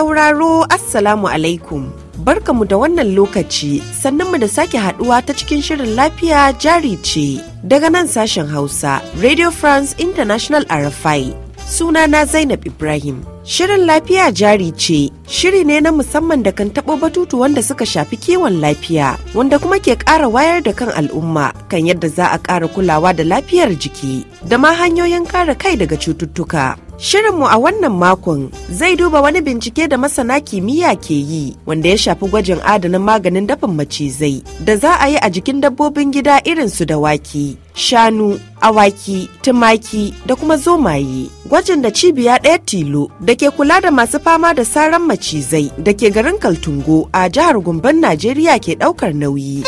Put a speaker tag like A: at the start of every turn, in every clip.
A: sauraro Assalamu alaikum. barka mu da wannan lokaci sannan mu da sake haduwa ta cikin shirin lafiya jari ce daga nan sashen Hausa Radio France International RFI sunana Zainab Ibrahim. Shirin lafiya jari ce, shiri ne na musamman da kan taɓo batutu wanda suka shafi kiwon lafiya, wanda kuma ke ƙara wayar da kan al'umma kan yadda za a ƙara kulawa da lafiyar jiki, da ma hanyoyin kare kai daga cututtuka. Shirinmu a wannan makon zai duba wani bincike da masana kimiyya ke yi wanda ya shafi gwajin adana maganin dafin macizai da za a yi a jikin dabbobin gida irin su da waki. shanu, awaki, tumaki da kuma zomaye. Gwajin da cibiya ɗaya tilo da ke kula da masu fama da saran macizai da ke garin Kaltungo a jihar Gombe Najeriya ke ɗaukar nauyi.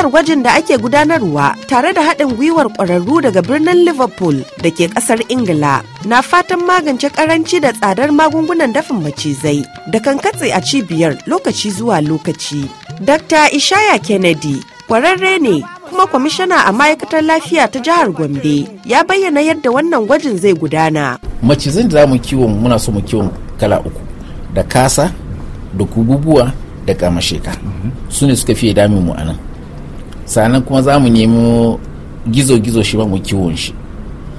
A: Tsangayar gwajin da ake gudanarwa tare da haɗin gwiwar ƙwararru daga birnin Liverpool da ke ƙasar Ingila na fatan magance ƙaranci da tsadar magungunan dafin macizai da kan katse a cibiyar lokaci zuwa lokaci. Dr. Ishaya Kennedy ƙwararre ne kuma kwamishana a ma'aikatar lafiya ta jihar Gombe ya bayyana yadda wannan gwajin zai gudana.
B: Macizai da za mu kiwon muna so mu kiwon kala uku da kasa da kububuwa da kamasheka mhm. su ne suka fiye damin mu a nan. sannan kuma za mu nemo gizo-gizo shi ba mu kiwon shi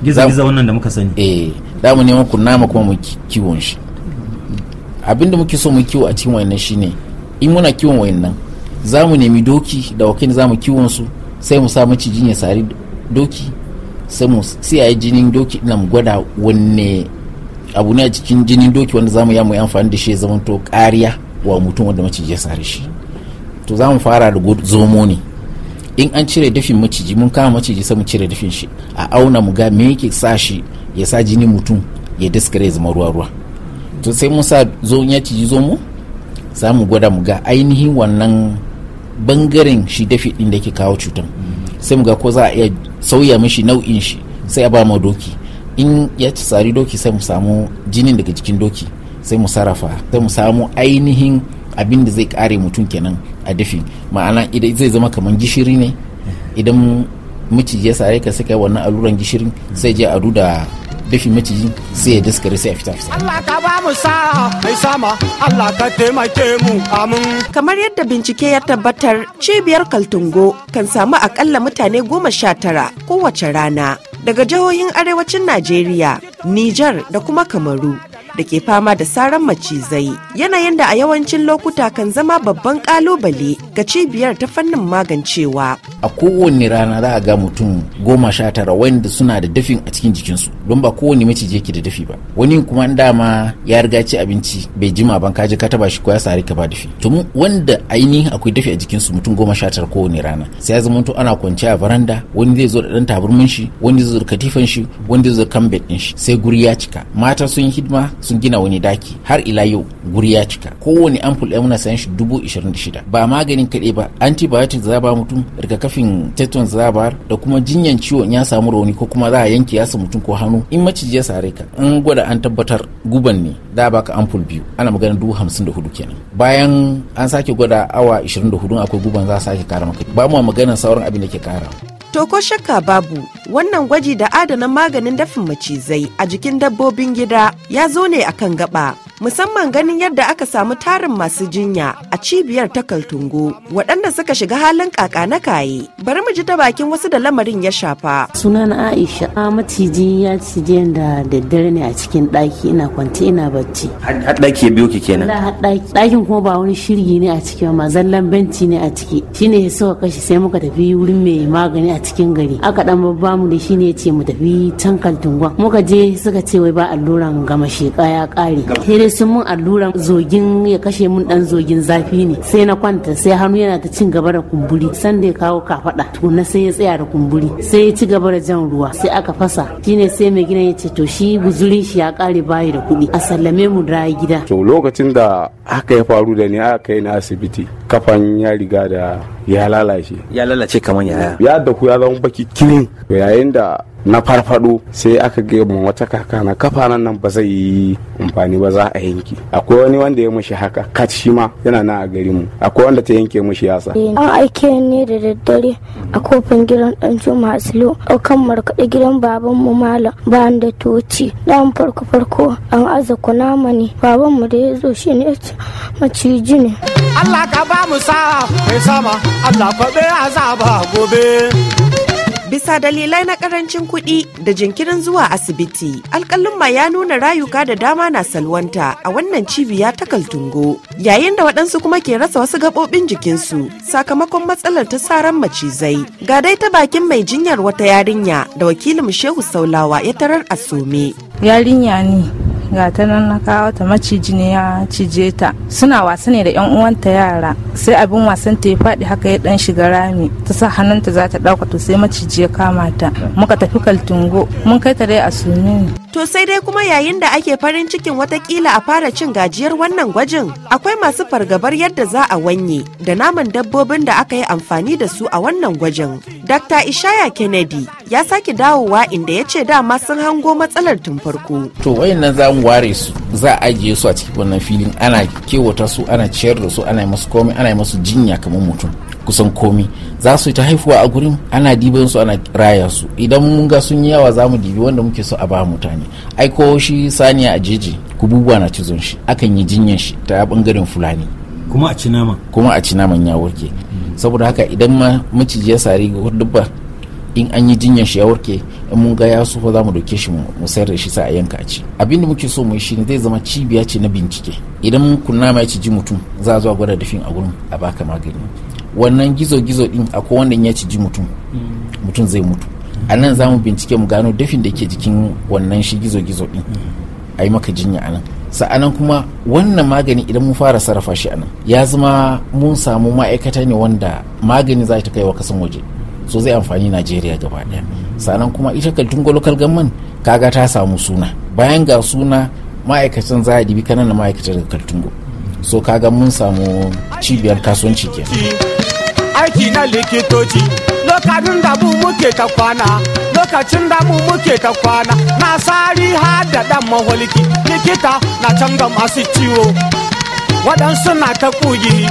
B: gizo-gizo wannan da muka sani eh za mu nemo kunama kuma mu kiwon shi abinda muke so mu kiwo a cikin wayannan shine in muna kiwon wayannan za mu nemi doki da wakin za mu kiwon su sai mu sa macijin ya sari doki sai mu siyaye jinin doki na mu gwada wanne abu ne a cikin jinin doki wanda za mu yi amfani da shi ya zama to kariya wa mutum wanda mace ya sare shi to za mu fara da zomo ne in an cire dafin maciji mun kama maciji sai mu cire dafin shi a auna mu ga me yake sa shi ya sa jini mutum ya daskare zama ruwa ruwa to sai mun sa zo ya ciji zo mu za mu gwada mu ga ainihin wannan bangaren shi dafi din da yake kawo cutan sai mu ga ko za a iya sauya mishi nau'in shi sai a ba mu doki in ya ci sari doki sai mu samu jinin daga jikin doki sai mu sarrafa sai mu samu ainihin abin da zai kare mutum kenan a dafi ma'ana idan zai zama kamar gishiri ne idan maciji ya sare ka saka wannan alluran gishirin sai je a da dafi maciji sai ya daskare sai a fita fita.
A: Allah ka ba mu mai sama Allah ka taimake mu amin. Kamar yadda bincike ya tabbatar cibiyar Kaltungo kan samu akalla mutane goma sha tara kowace rana daga jihohin arewacin Najeriya, Nijar da kuma Kamaru. da ke fama da saran macizai yanayin da a yawancin lokuta kan zama babban kalubale ga cibiyar ta fannin magancewa a kowane
B: rana za a ga mutum goma sha tara wanda suna da dafin a cikin jikinsu don ba kowane maciji yake da dafi ba wani kuma dama ya riga ci abinci bai jima ban kaji ka taba shi ko ya sari ka ba dafi to wanda ainihin akwai dafi a jikinsu mutum goma sha tara kowane rana sai ya zama to ana kwance a baranda wani zai zo da dan taburmin shi wani zai zo da katifan shi wani zai zo da kambet din shi sai guri ya cika mata sun yi hidima sun gina wani daki har ila yau guri ya cika kowane ampul ɗaya muna sayan shi dubu ishirin da shida ba maganin kaɗai ba antibiotics za ba mutum rigakafin tetanus za ba da kuma jinyan ciwon ya samu rauni ko kuma za a yanke yasa mutum ko hannu in maciji ya sare ka in gwada an tabbatar guban ne da baka ampul biyu ana magana dubu hamsin da hudu kenan bayan an sake gwada awa ishirin da hudu akwai guban za a sake kara maka ba mu maganar sauran abin da ke kara.
A: To ko shakka babu wannan gwaji da adana maganin dafin macizai a jikin dabbobin gida ya zo ne akan gaba musamman ganin yadda aka samu tarin masu jinya a cibiyar ta kaltungo waɗanda suka shiga halin kaka na kaye bari mu ji ta bakin wasu da lamarin ya shafa sunan aisha a maciji ya cije da daddare ne a cikin ɗaki ina kwanci ina bacci
C: har ɗaki ya biyo ki kenan
A: ɗakin kuma ba wani shirgi ne a ciki ma zallan benci ne a ciki shine ya suka kashi sai muka tafi wurin mai magani a cikin gari aka dan babba mu da shine ya ce mu tafi can kaltungo muka je suka ce wai ba alluran gama sheka ya kare sun mun alluran zogin ya kashe mun dan zogin zafi ne sai na kwanta sai hannu yana ta cin gaba da kumburi sanda ya kawo kafada tukuna sai ya tsaya da kumburi sai ya ci gaba da jan ruwa sai aka fasa shine sai mai gidan ya ce to shi guzurin shi ya kare bayi da kuɗi a sallame mu da gida
B: to lokacin da aka ya faru da ni aka yi na asibiti kafan ya riga da ya lalace
C: ya lalace kamar
B: yaya ya ku ya zama baki kilin yayin da na farfado sai aka ga mun wata kaka na kafa nan nan ba zai yi amfani ba za a yanke akwai wani wanda ya mushi haka kat shi ma yana nan a gari mu akwai wanda ta yanke mushi yasa eh,
C: an aike ne da daddare a kofin gidan dan juma asilo kan markaɗe gidan baban mu malam bayan da toci dan farko farko an aza kunama ne baban mu da ya zo shi ne maciji ne
A: Allah ka ba mu sa mai sama Allah kwabe azaba gobe bisa dalilai na karancin kuɗi da jinkirin zuwa asibiti alƙalin ya nuna rayuka da dama na salwanta a wannan cibiya ta kaltungo yayin da waɗansu kuma ke rasa wasu gaɓoɓin jikinsu sakamakon matsalar ta saran macizai ga dai ta bakin mai jinyar wata yarinya da wakilin shehu saulawa ya tarar a some yarinya ne ga ta nan na kawo ta maciji ne ya cije ta suna wasa ne da yan uwanta yara sai abin wasan ta ya faɗi haka ya dan shiga rami ta sa hannunta za ta ɗauka to sai maciji ya kama ta muka tafi kaltungo mun kai ta dai a sune to sai dai kuma yayin da ake farin cikin watakila a fara cin gajiyar wannan gwajin akwai masu fargabar yadda za a wanye da naman dabbobin da aka yi amfani da su a wannan gwajin Dr. Ishaya Kennedy ya sake dawowa inda ya ce dama sun hango matsalar tun farko.
B: To wayannan za mu ware su za a ajiye su a cikin wannan filin ana kewata su ana ciyar da su ana masu komai ana masu jinya kamar mutum kusan komi za su ta haifuwa a gurin ana diban su ana raya su idan mun ga sun yi yawa za mu dibi wanda muke so a ba mutane ai ko shi saniya a ku bubuwa na cizon shi akan yi jinyan shi ta bangaren fulani kuma a ci naman kuma a ci naman ya warke saboda haka idan ma maciji ya sari ga dubba in an yi jinyar shi ya warke in mun ga ya sufa za mu dauke shi mu sayar da shi sa a yanka a ci abin da muke so mu yi shine zai zama cibiya ce na bincike idan kunna ma ya ciji mutum za a zo a gwada dafin a gurin a baka magani wannan gizo-gizo din akwai wanda ya ciji mutum mutum zai mutu a nan za mu bincike mu gano dafin da ke jikin wannan shi gizo-gizo din a yi maka jinya a nan sa'anan kuma wannan magani idan mun fara sarrafa shi anan ya zama mun samu ma'aikata ne wanda magani za ta kai wa kasan waje so zai amfani najeriya gaba daya sa'anan kuma ita kaltungo lokal government kaga ta samu suna bayan ga suna ma'aikatan za a dibi kanan ma'aikatan daga kaltungo so kaga mun samu cibiyar kasuwanci
C: kenan likitoci lokacin da mu muke ta kwana lokacin da mu muke ta kwana na sari har da dan
A: maholki likita na canza masu ciwo waɗansu na ta kugi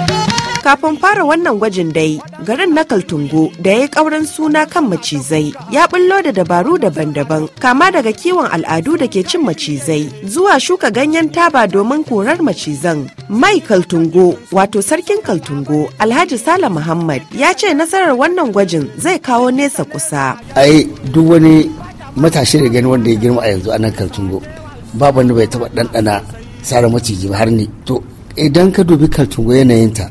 A: Kafin fara wannan gwajin dai, garin na Kaltungo da ya yi ƙaurin suna kan macizai ya bullo da dabaru daban-daban, kama daga kiwon al'adu da ke cin macizai zuwa shuka ganyen taba domin korar macizan. Mai Kaltungo, wato sarkin Kaltungo, Alhaji Sala Muhammad ya ce nasarar wannan gwajin zai kawo nesa kusa.
C: Ai, duk wani matashi da gani wanda ya girma a yanzu a nan Kaltungo, babu wanda bai taba ɗanɗana sara maciji ba har ni. To, idan ka dubi Kaltungo yanayinta,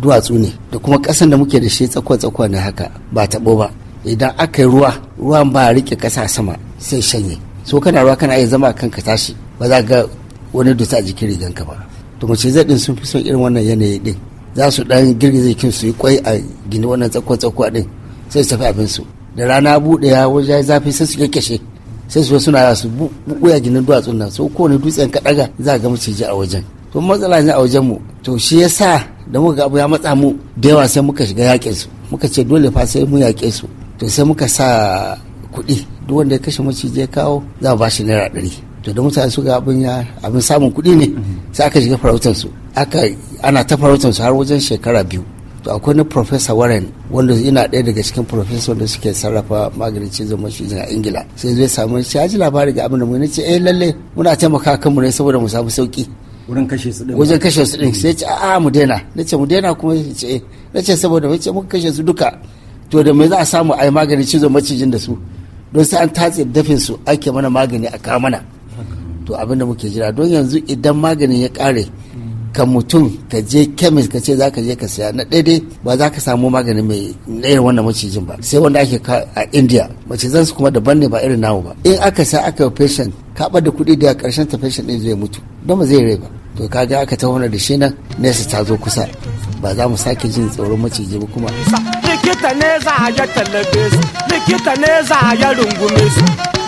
C: duwatsu ne da kuma ƙasan da muke da shi tsakon tsakon ne haka ba taɓo ba idan aka yi ruwa ruwan ba rike ƙasa sama sai shanye so kana ruwa kana iya zama kanka tashi ba za ga wani dusa a jikin ka ba to mace zai din sun fi son irin wannan yanayi din za su dan girgiza kin su yi kwai a gini wannan tsakon-tsakon tsakwa din sai su tafi abin su da rana buɗe ya wajen zafi sai su kekeshe sai su suna su buɓuya ginin duwatsun nan so kowane dutsen ka ɗaga za ga ji a wajen to matsala ne a wajen mu to shi yasa da muka abu ya matsa mu da yawa sai muka shiga yaƙe su muka ce dole fa sai mu yaƙe su to sai muka sa kuɗi duk wanda ya kashe maciji ya kawo za a ba shi naira ɗari to da mutane suka abin ya abin samun kuɗi ne sai aka shiga farautar su aka ana ta farautar su har wajen shekara biyu to akwai ni professor warren wanda yana ɗaya daga cikin professor da suke sarrafa maganin cizon maciji a ingila sai zai samu shi ji labari ga abin da mu ce eh lalle muna taimaka mu ne saboda mu samu sauki wurin kashe su din wajen kashe su din sai ce a'a mu daina Na ce mu daina kuma ya ce eh. Na ce saboda wace muka kashe su duka to da me za a samu a yi magani cizon macijin da su don sai an tatse dafin su ake mana magani a kawo mana to abinda muke jira don yanzu idan maganin ya kare ka mutum ka je kemis ka ce za ka je ka saya na daidai ba za ka samu magani mai nayar wannan macijin ba sai wanda ake ka a india macizan su kuma daban ne ba irin namu ba in aka sa aka yi patient ka da kuɗi da karshen ta patient ɗin zai mutu don ba zai rai ba to kaga aka tauna da shi nan nesa ta zo kusa
A: ba za mu sake jin tsoron maciji ba kuma
C: likita ne za a ya
A: su likita ne za a ya rungume su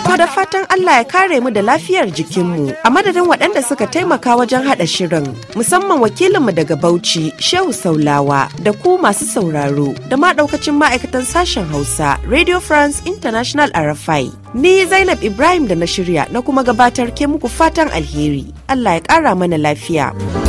A: To da fatan Allah ya kare mu da lafiyar jikinmu a madadin waɗanda suka taimaka wajen haɗa shirin musamman wakilinmu daga Bauchi Shehu Saulawa da ku masu sauraro da ma ɗaukacin ma'aikatan sashen Hausa Radio France International RFI. Ni Zainab Ibrahim da na shirya na kuma gabatar ke muku fatan alheri. Allah ya ƙara mana lafiya.